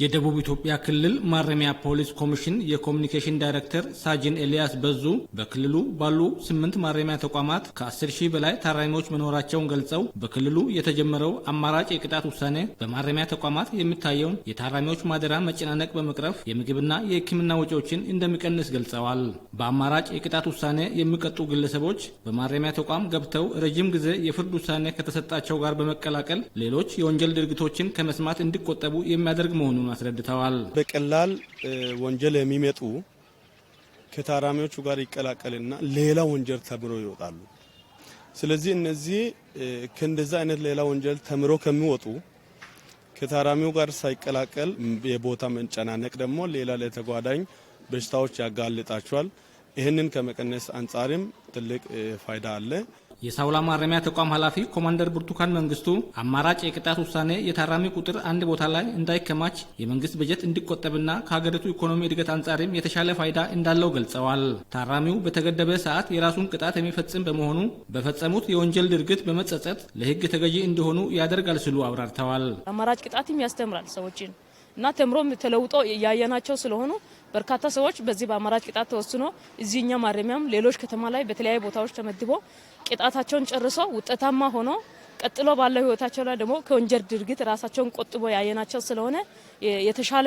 የደቡብ ኢትዮጵያ ክልል ማረሚያ ፖሊስ ኮሚሽን የኮሚኒኬሽን ዳይሬክተር ሳጅን ኤልያስ በዙ በክልሉ ባሉ ስምንት ማረሚያ ተቋማት ከ10 ሺህ በላይ ታራሚዎች መኖራቸውን ገልጸው በክልሉ የተጀመረው አማራጭ የቅጣት ውሳኔ በማረሚያ ተቋማት የሚታየውን የታራሚዎች ማደራ መጨናነቅ በመቅረፍ የምግብና የሕክምና ወጪዎችን እንደሚቀንስ ገልጸዋል። በአማራጭ የቅጣት ውሳኔ የሚቀጡ ግለሰቦች በማረሚያ ተቋም ገብተው ረጅም ጊዜ የፍርድ ውሳኔ ከተሰጣቸው ጋር በመቀላቀል ሌሎች የወንጀል ድርጊቶችን ከመስማት እንዲቆጠቡ የሚያደርግ መሆኑን መሆኑን አስረድተዋል። በቀላል ወንጀል የሚመጡ ከታራሚዎቹ ጋር ይቀላቀልና ሌላ ወንጀል ተምሮ ይወጣሉ። ስለዚህ እነዚህ ከእንደዛ አይነት ሌላ ወንጀል ተምሮ ከሚወጡ ከታራሚው ጋር ሳይቀላቀል የቦታ መንጨናነቅ ደግሞ ሌላ ለተጓዳኝ በሽታዎች ያጋልጣቸዋል። ይህንን ከመቀነስ አንጻርም ትልቅ ፋይዳ አለ። የሳውላ ማረሚያ ተቋም ኃላፊ ኮማንደር ብርቱካን መንግስቱ አማራጭ የቅጣት ውሳኔ የታራሚ ቁጥር አንድ ቦታ ላይ እንዳይከማች የመንግስት በጀት እንዲቆጠብና ከሀገሪቱ ኢኮኖሚ እድገት አንጻርም የተሻለ ፋይዳ እንዳለው ገልጸዋል። ታራሚው በተገደበ ሰዓት የራሱን ቅጣት የሚፈጽም በመሆኑ በፈጸሙት የወንጀል ድርግት በመጸጸት ለህግ ተገዢ እንዲሆኑ ያደርጋል ሲሉ አብራርተዋል። አማራጭ ቅጣትም ያስተምራል ሰዎችን እና ተምሮም ተለውጦ እያየናቸው ስለሆኑ በርካታ ሰዎች በዚህ በአማራጭ ቅጣት ተወስኖ እዚህኛ ማረሚያም ሌሎች ከተማ ላይ በተለያዩ ቦታዎች ተመድቦ ቅጣታቸውን ጨርሶ ውጤታማ ሆኖ ቀጥሎ ባለው ህይወታቸው ላይ ደግሞ ከወንጀል ድርጊት ራሳቸውን ቆጥቦ ያየናቸው ስለሆነ የተሻለ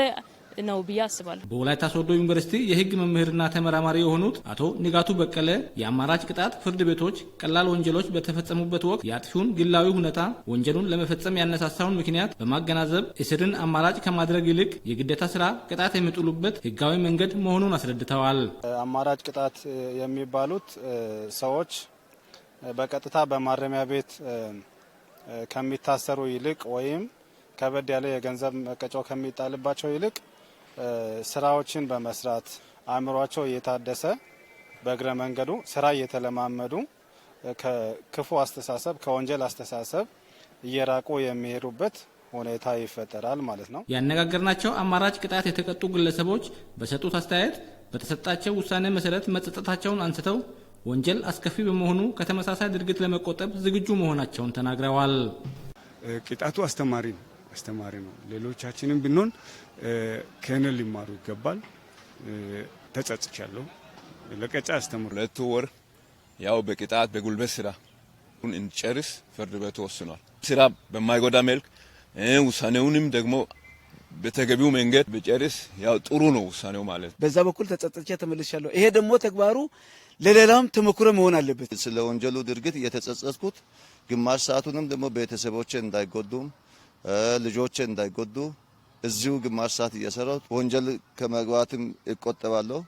ነው ብዬ አስባለሁ። በወላይታ ሶዶ ዩኒቨርሲቲ የህግ መምህርና ተመራማሪ የሆኑት አቶ ንጋቱ በቀለ የአማራጭ ቅጣት ፍርድ ቤቶች ቀላል ወንጀሎች በተፈጸሙበት ወቅት የአጥፊውን ግላዊ ሁኔታ ወንጀሉን ለመፈጸም ያነሳሳውን ምክንያት በማገናዘብ እስርን አማራጭ ከማድረግ ይልቅ የግዴታ ስራ ቅጣት የሚጥሉበት ህጋዊ መንገድ መሆኑን አስረድተዋል። አማራጭ ቅጣት የሚባሉት ሰዎች በቀጥታ በማረሚያ ቤት ከሚታሰሩ ይልቅ ወይም ከበድ ያለ የገንዘብ መቀጫው ከሚጣልባቸው ይልቅ ስራዎችን በመስራት አእምሯቸው እየታደሰ በእግረ መንገዱ ስራ እየተለማመዱ ከክፉ አስተሳሰብ ከወንጀል አስተሳሰብ እየራቁ የሚሄዱበት ሁኔታ ይፈጠራል ማለት ነው። ያነጋገርናቸው አማራጭ ቅጣት የተቀጡ ግለሰቦች በሰጡት አስተያየት በተሰጣቸው ውሳኔ መሰረት መጸጸታቸውን አንስተው ወንጀል አስከፊ በመሆኑ ከተመሳሳይ ድርጊት ለመቆጠብ ዝግጁ መሆናቸውን ተናግረዋል። ቅጣቱ አስተማሪ ነው። አስተማሪ ነው። ሌሎቻችንም ብንሆን ከነ ሊማሩ ይገባል። ተጸጽቻለሁ። ለቀጫ አስተምሩ። ሁለት ወር ያው በቅጣት በጉልበት ስራ ሁን እንጨርስ ፍርድ ቤቱ ወስኗል። ስራ በማይጎዳ መልክ ውሳኔውንም ደግሞ በተገቢው መንገድ ብጨርስ ያው ጥሩ ነው ውሳኔው ማለት በዛ በኩል ተጸጸቼ ተመልሻለሁ። ይሄ ደግሞ ተግባሩ ለሌላውም ተሞክሮ መሆን አለበት። ስለ ወንጀሉ ድርጊት እየተጸጸትኩት ግማሽ ሰዓቱንም ደግሞ ቤተሰቦቼ እንዳይጎዱም ልጆች እንዳይጎዱ እዚሁ ግማሽ ሰዓት እየሰራሁ ወንጀል ከመግባትም እቆጠባለሁ።